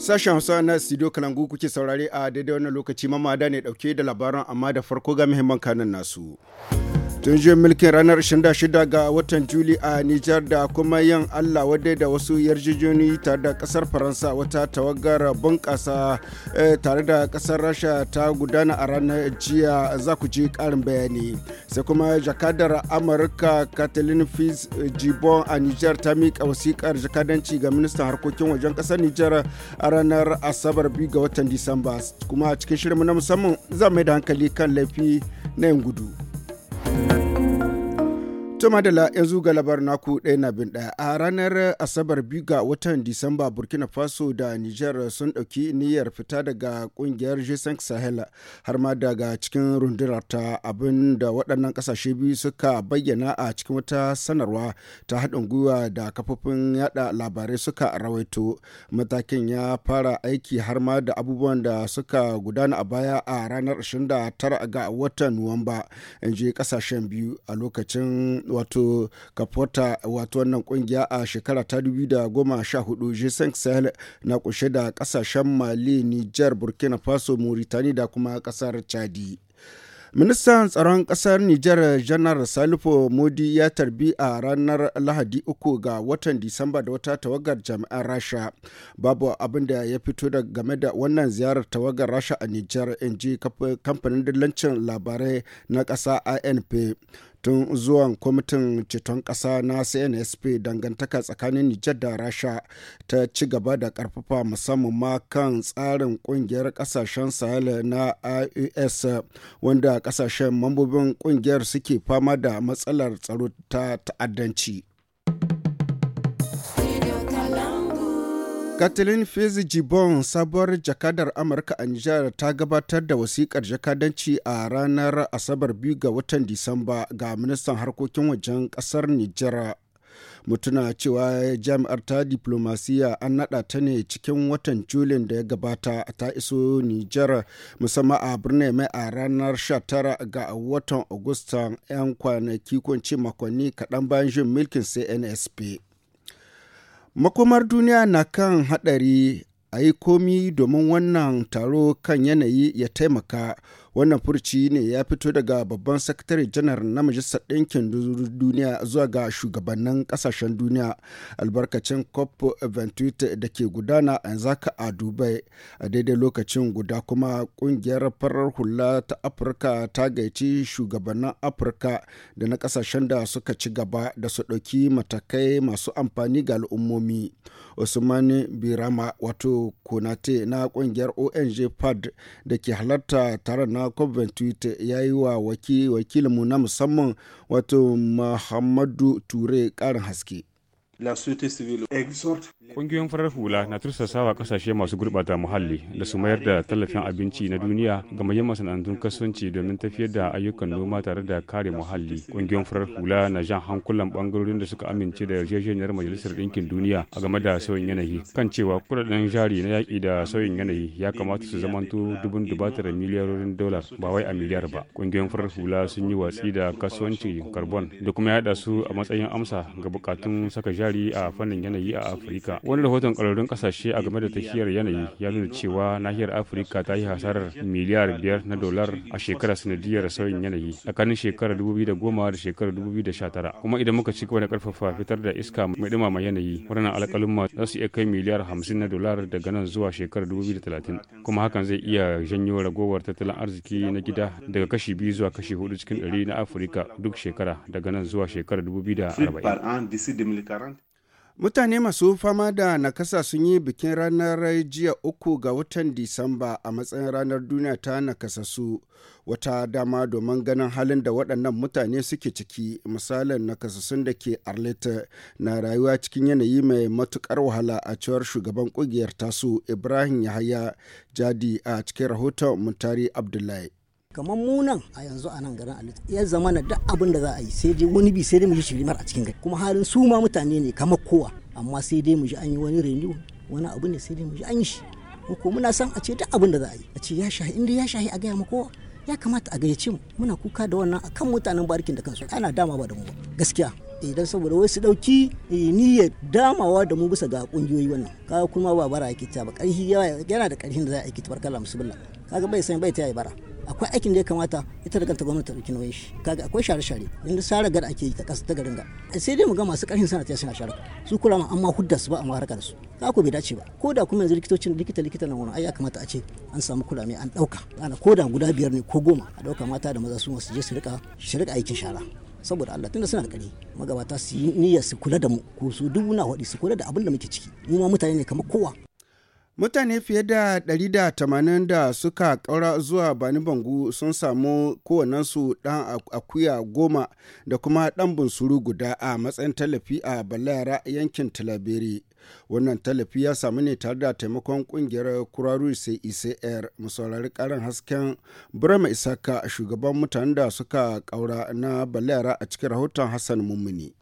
Sashen Hausa na Studio Kalangu kuke saurare a daidai wannan lokaci mamada ne dauke da labaran amma da farko ga muhimman kanin nasu. tun juyin mulkin ranar 26 ga watan juli a nijar da kuma yin allah wadai da wasu yarjejoni tare da kasar faransa wata tawagar bunƙasa eh, tare da kasar rasha ta gudana a ranar jiya za ku ji ƙarin bayani sai kuma jakadar amurka kathleen fitz jibon a nijar ta miƙa wasiƙar jakadanci ga ministan harkokin wajen kasar nijar a ranar asabar bi ga watan disamba kuma cikin shirin na musamman za mai da hankali kan laifi na yin gudu. 嗯。Tuma da la yanzu ga labar naku ɗaya na bin ɗaya a ranar Asabar biyu ga watan Disamba Burkina Faso da Nijar sun ɗauki niyyar fita daga ƙungiyar G5 Sahel har ma daga cikin rundunar ta abin da waɗannan ƙasashe biyu suka bayyana a cikin wata sanarwa ta haɗin gwiwa da kafofin yada labarai suka rawaito. Matakin ya fara aiki har ma da abubuwan da suka gudana a baya a ranar 29 ga watan Nuwamba in je ƙasashen biyu a lokacin wato kapota wato wannan kungiya a shekara ta da goma sha hudu g na kunshe da kasashen Mali, Niger, Burkina Faso, Mauritania da kuma kasar Chadi. ministan tsaron kasar nijar janar salifu modi ya tarbi a ranar lahadi uku ga watan disamba da wata tawagar jami'an rasha babu abin da ya fito da game da wannan ziyarar tawagar rasha a nijar in ji kamfanin dillancin labarai na kasa inp tun zuwan kwamitin ceton ƙasa na cnsp dangantaka tsakanin nijar da rasha ta ci gaba da ƙarfafa musamman ma kan tsarin ƙungiyar ƙasashen sahel na ius wanda ƙasashen mambobin ƙungiyar suke fama da matsalar tsaro ta ta'addanci Kathleen Fitzgibbon sabuwar jakadar Amurka a Nijar ta gabatar da wasikar jakadanci a ranar Asabar 2 ga watan Disamba ga ministan harkokin wajen kasar Nijar. Mutuna cewa jami'ar ta diplomasiya an naɗa ta ne cikin watan Julin da ya gabata ta iso Nijar musamman a birnin mai a ranar 19 ga watan agusta 'yan kwanaki kwanci makonni kaɗan bayan jin milkin CNSP. Makomar duniya na kan haɗari a yi komi domin wannan taro kan yanayi ya taimaka Wannan furci ne ya fito daga babban sakatare janar na Majalisar Ɗinkin Duniya zuwa ga shugabannin ƙasashen duniya albarkacin COP28 da ke gudana a zaka a Dubai a daidai lokacin guda kuma ƙungiyar farar hula ta Afirka ta gaici shugabannin Afirka da na ƙasashen da suka ci gaba da su ɗauki matakai masu amfani ga al'ummomi. usmani birama wato konate na kungiyar ong pad da ke halarta tare na cop 28 ya yi wa wakilinmu na musamman wato muhammadu ture ƙarin haske Ƙungiyoyin farar hula na tursasawa ƙasashe masu gurɓata muhalli da su mayar da tallafin abinci na duniya ga manyan masana'antun kasuwanci domin tafiyar da ayyukan noma tare da kare muhalli. Ƙungiyoyin farar hula na jan hankulan ɓangarorin da suka amince da yarjejeniyar Majalisar Ɗinkin Duniya a game da sauyin yanayi kan cewa kuɗaɗen jari na yaƙi da sauyin yanayi ya kamata su zamanto dubun dubatar miliyarorin dolar ba wai a miliyar ba. Ƙungiyoyin farar hula sun yi watsi da kasuwanci carbon da kuma yaɗa su a matsayin amsa ga bukatun saka jari tsari a fannin yanayi a afirka wani rahoton ƙwararrun ƙasashe a game da tafiyar yanayi ya nuna cewa nahiyar afirka ta yi hasarar miliyar biyar na dolar a shekarar sanadiyar sauyin yanayi tsakanin shekarar biyu da shekarar tara kuma idan muka ci gaba da ƙarfafa fitar da iska mai dumama yanayi waɗannan alƙalin za su iya kai miliyar hamsin na dolar daga nan zuwa shekarar talatin kuma hakan zai iya janyo ragowar tattalin arziki na gida daga kashi biyu zuwa kashi hudu cikin ɗari na afirka duk shekara daga nan zuwa shekarar arba'in. Mutane masu fama da nakasa sun yi bikin ranar jiya uku ga watan Disamba a matsayin ranar duniya ta su wata dama domin ganin halin da waɗannan mutane suke ciki misalin nakasassun da ke Arleta na rayuwa cikin yanayi mai matukar wahala a cewar shugaban ƙungiyar tasu Ibrahim Yahaya Jadi a cikin rahoton Muntari Abdullahi. kamar munan a yanzu a nan garin alit ya zama na duk abin da za a yi sai dai wani bi sai dai mu yi shirimar a cikin gari kuma halin su ma mutane ne kamar kowa amma sai dai mu ji an yi wani renew wani abu ne sai dai mu ji an yi shi ko muna san a ce duk abin da za a yi a ce ya shahi inda ya shahi a gaya ma kowa ya kamata a gayyace mu muna kuka da wannan akan mutanen barkin da kansu ana dama ba da mu gaskiya idan eh, saboda wai su dauki eh, niyyar damawa da mu bisa ga kungiyoyi wannan kaga kuma ba bara yake ta ba karhi yana da karhin da za a yi barkala musulla kaga bai san bai ta yi bara akwai aikin da ya kamata ita da ganta gwamnati ta dauki nauyin shi kaga akwai share share inda sare gada ake yi ta kasa ta garin ga sai dai mu ga masu karfin sanata suna share su kula ma amma hudda su ba amma da su ka ko bai dace ba ko da kuma yanzu likitocin likita likita na wani ai kamata a ce an samu kula mai an dauka ana ko da guda biyar ne ko goma a dauka mata da maza su su je su rika su rika aikin shara saboda Allah tunda suna da kare magabata su yi niyyar su kula da mu ko su dubu na hudi su kula da abin da muke ciki mu ma mutane ne kamar kowa Mutane fiye da 180 da suka kaura zuwa Bani Bangu sun samu kowannensu ɗan akuya goma da kuma ɗan bunsuru guda a matsayin tallafi a Balara yankin Talabere. Wannan tallafi ya samu ne tare da taimakon kungiyar Kuraru sai ICR musaurari karin hasken Burama Isaka shugaban mutanen da suka kaura na balayara a cikin rahoton Hassan Mummuni.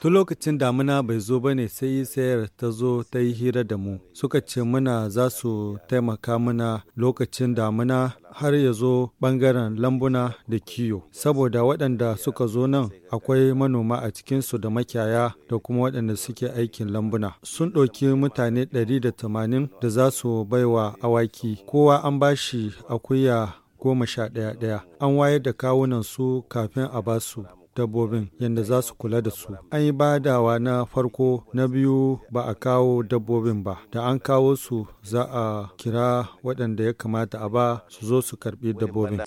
Tun lokacin damuna bai zo ba ne sai sayar ta zo ta yi hira da mu. Suka ce muna za su taimaka mana lokacin damuna har ya zo ɓangaren lambuna da kiyo. Saboda waɗanda suka zo nan akwai manoma a cikinsu da makiyaya da kuma waɗanda suke aikin lambuna. Sun ɗauki mutane 180 da za su baiwa awaki. Kowa an bashi akuya goma sha ɗaya ɗaya. An wayar da kawunan su kafin a basu. dabbobin yadda za su kula da su an yi badawa na farko na biyu ba a kawo dabbobin ba da an kawo su za a kira waɗanda ya kamata a ba su zo su karɓi dabbobin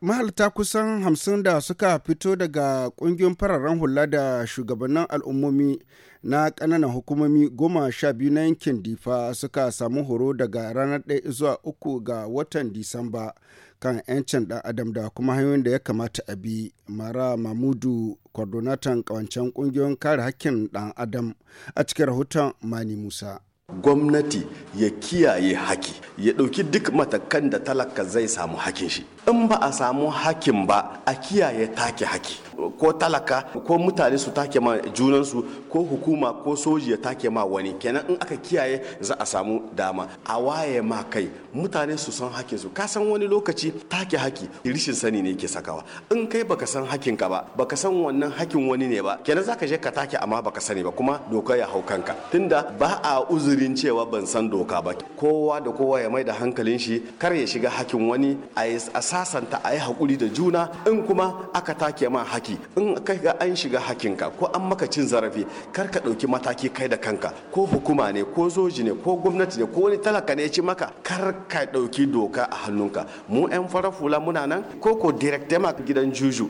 mahalta kusan hamsin da suka fito daga kungiyar fararen hula da shugabannin al'ummomi na ƙananan hukumomi goma sha biyu na yankin difa suka samu horo daga ranar 1 zuwa 3 ga watan disamba kan 'yancin ɗan adam da kuma hanyoyin da ya kamata a bi mara mamudu kwadonatan kawancen ƙungiyoyin kare hakkin ɗan adam a cikin rahoton mani musa gwamnati ya kiyaye haki ya ɗauki duk matakan da talaka zai samu hakin shi in ba a samu hakin ba a kiyaye take haki ko talaka ko mutane su take ma junansu ko hukuma ko soji ya take ma wani kenan in aka kiyaye za a samu dama a waye ma kai mutane su san hakin su ka san wani lokaci take haki rishin sani ne ke sakawa in kai baka san hakin ka ba baka san wannan hakin wani ne ba kenan zaka je ka take amma baka sani ba kuma doka ya hau kanka tunda ba a uzurin cewa ban san doka ba kowa da kowa ya mai da hankalin shi kar ya shiga hakin wani a sasanta a yi haƙuri da juna in kuma aka take ma haki in kai ga an shiga hakinka ko an maka cin zarafi kar ka ɗauki mataki kai da kanka ko hukuma ne ko zoji ne ko gwamnati ne ko wani talaka ne ya ci maka kar ka ɗauki doka a hannunka mu 'yan farar fula muna nan ko ko ma gidan juju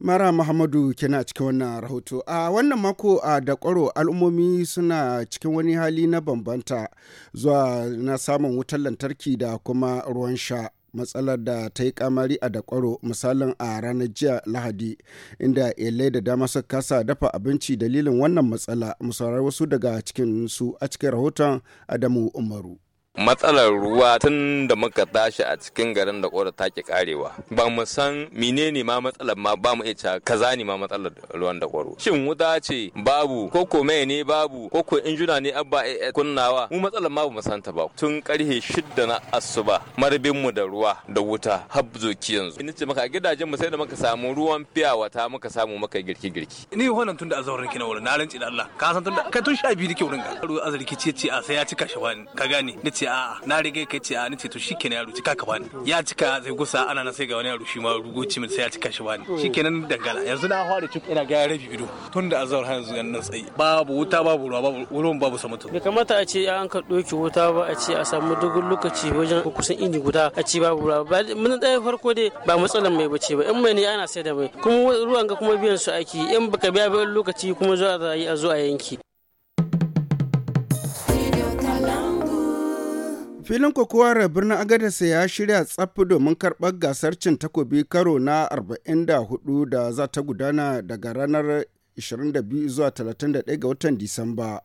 Mara Muhammadu kenan a cikin wannan rahoto. A wannan mako a Dakwaro al'ummomi suna cikin wani hali na bambanta zuwa na samun wutar lantarki da kuma ruwan sha. matsalar da ta yi kamari a dakwaro misalin a ranar jiya lahadi inda elai da dama suka kasa dafa abinci dalilin wannan matsala musarar wasu daga cikin su a cikin rahoton adamu umaru matsalar ruwa tun da muka tashi a cikin garin da ƙoda take karewa ba mu san mine ne ma matsalar ma ba mu iya cewa kaza ne ma matsalar ruwan da ƙwaro shin wuta ce babu ko ko mai ne babu ko ko injuna ne abba eh, eh, kunnawa mu matsalar ma ba mu san ta ba tun karhe shidda na asuba marbin mu da ruwa da wuta har zoki yanzu ina ce maka gidajen mu sai da muka samu ruwan fiya wata muka samu muka girki girki ni wannan tun da azaurin kina wurin na rantsi da Allah ka san tun da kai tun sha biyu dake wurin ga ruwa azurki ce ce a sai ya cika shawani ka gane ni ce a na rige kai ce a ni ce to shikenan ya ruci ka bani ya cika zai gusa ana na sai ga wani ya rushi ma rugo ci min sai ya cika shi bani shikenan dangala yanzu na fara ciki ina ga rabi ido tun da azawar har yanzu nan tsaye babu wuta babu ruwa babu wurin babu samutu bai kamata a ce an ka doki wuta ba a ce a samu dogon lokaci wajen kusan inji guda a ce babu ruwa ba mun da farko dai ba matsalan mai bace ba in mai ne ana sai da mai kuma ruwan ga kuma biyan su aiki in baka biya ba lokaci kuma zuwa za a yi a zo a yanki Filin kokowar birnin agadarsa ya shirya tsaf domin karɓar gasar cin takobi karo na 44 da za ta gudana daga ranar 22 zuwa 31 ga watan Disamba.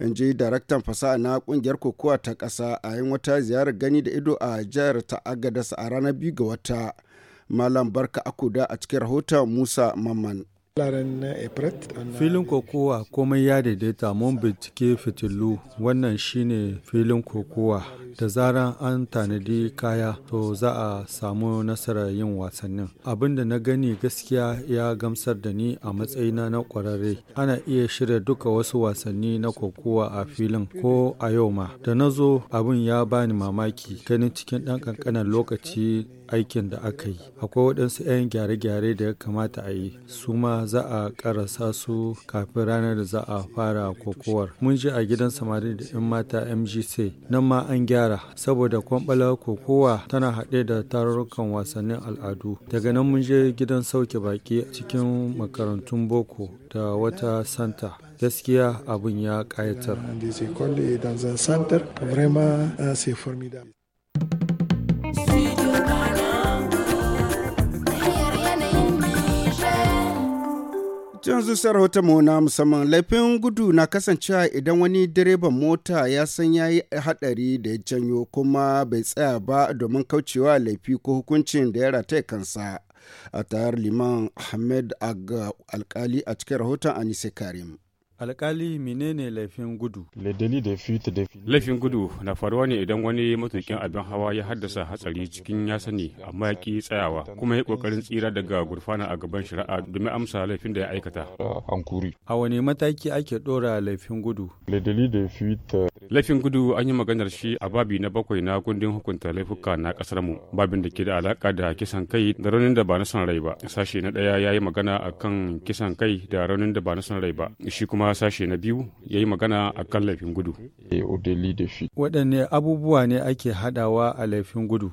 In ji daraktan fasaha na kungiyar kokowa ta ƙasa a yin wata ziyarar gani da ido a jihar ta Agadez a ranar 2 ga wata. Malam Barka Akuda a cikin rahoton Musa Mamman. Filin kokowa komai ya daidaita mun bincike fitilu wannan shine filin kokowa da zaran an tanadi kaya to za a samu nasarar yin wasannin. abinda na gani gaskiya ya gamsar da ni a matsayina na kwararre. Ana iya shirya duka wasu wasanni na kokowa a filin ko a yau ma. Da na zo abin ya bani mamaki ganin cikin ɗan kankanan lokaci aikin da aka yi akwai waɗansu 'yan gyare-gyare da ya kamata a yi su ma za a karasa su kafin ranar da za a fara kokowar mun ji a gidan samari da 'yan mata mgc nan ma an gyara saboda kwamɓala kokowa tana haɗe da tarurrukan wasannin al'adu daga nan mun je gidan sauke baki cikin makarantun boko da wata santa gaskiya abin ya ƙayatar. yanzu sai mu na musamman laifin gudu na kasancewa idan wani direban mota ya san ya yi haɗari da ya janyo kuma bai tsaya ba domin kaucewa laifi ko hukuncin da ya rataya kansa a tayar liman ahmed aga alkali a cikin rahoton anise karim alkali menene laifin gudu laifin gudu na faruwa ne idan wani matukin abin hawa ya haddasa hatsari cikin ya sani amma ya ki tsayawa kuma ya kokarin tsira daga gurfana a gaban shari'a domin amsa laifin da ya aikata a wani mataki ake dora laifin gudu Laifin gudu an yi maganar shi a babi na bakwai na kundin hukunta laifuka na kasar mu babin da ke da alaka da kisan kai da raunin da ba na son rai ba. Sashe na ɗaya ya yi magana a kan kisan kai da raunin da ba na son rai ba. Shi kuma sashe na biyu ya yi magana a kan laifin gudu. Waɗanne abubuwa ne ake haɗawa a laifin gudu?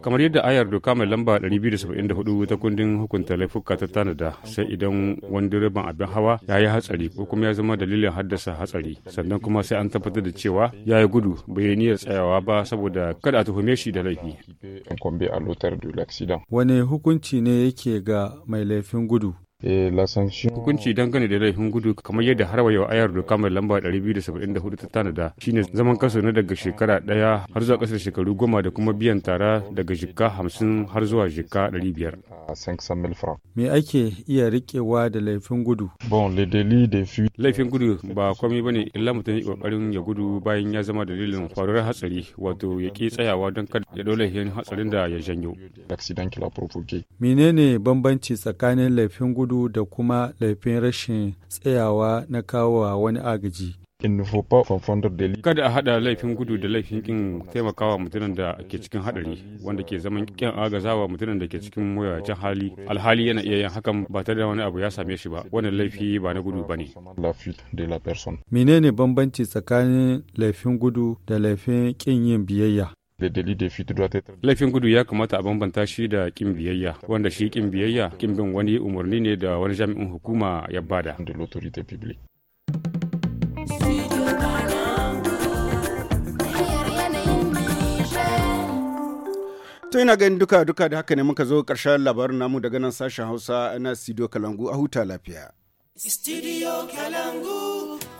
Kamar yadda ayar doka mai lamba 274 ta kundin hukunta laifuka ta tanada sai idan wani direban abin hawa ya yi hatsari ko kuma ya zama dalilin haddasa hatsari sannan kuma sai an tabbatar da cewa ya yi gudu bai yi niyyar tsayawa ba saboda kada a tuhume shi da laifi. wane hukunci ne yake ga mai laifin gudu? Eh, Hukunci dangane da laifin gudu kamar yadda har wayo ayar doka mai lamba 274 ta tanada shine zaman kaso na daga shekara daya har zuwa kasar shekaru goma da kuma biyan tara daga jikka 50 har zuwa jikka 500. Me ake iya rikewa da laifin gudu? Laifin gudu ba komai bane illa mutum ya kokarin ya gudu bayan ya zama dalilin faruwar hatsari wato ya ki tsayawa don kada ya dole hatsarin da ya janyo. Menene bambanci tsakanin laifin gudu gudu da kuma laifin rashin tsayawa na kawowa wani agaji. Kada a haɗa laifin gudu da laifin kin taimakawa mutumin da ke cikin haɗari wanda ke zaman kin agazawa mutumin da ke cikin mawuyacin hali alhali yana iya yin hakan ba tare da wani abu ya same shi ba wannan laifi ba na gudu ba ne. Menene bambanci tsakanin laifin gudu da laifin kin yin biyayya? Laifin gudu ya kamata a bambanta shi da kin biyayya, wanda shi kin biyayya kin bin wani umarni ne da wani jami'in hukuma ya bada. To ina ganin duka duka da haka ne muka zo ƙarshen labarin namu daga nan sashen Hausa na Studio Kalangu a huta lafiya. Studio Kalangu.